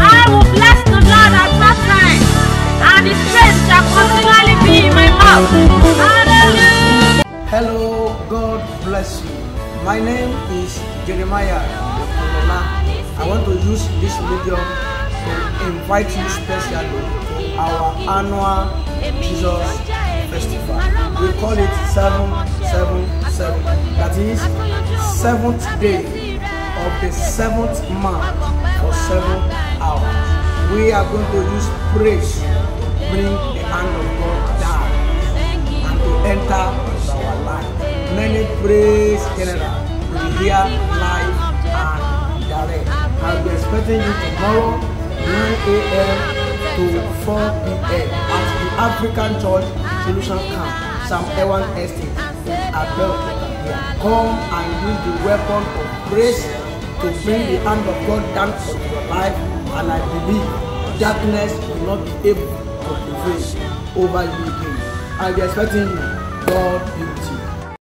I will bless the Lord at that time, and his praise shall continually be in my mouth. Hallelujah. Hello, God bless you. My name is Jeremiah Okonola. I want to use this medium to invite you specially to our annual Jesus Festival. We call it 777. That is seventh day of the seventh month for seven hours. We are going to use praise to bring the hand of God down and to enter into our life. Many praise general will be here live and direct. I'll be expecting you tomorrow, 9 a.m. to 4 p.m. at the African Church Solution Camp, Sam Ewan Estate, Abel Come and use the weapon of praise to bring the hand of God down on your life, and I believe darkness will not be able to prevail over you again. I'll be expecting you. God will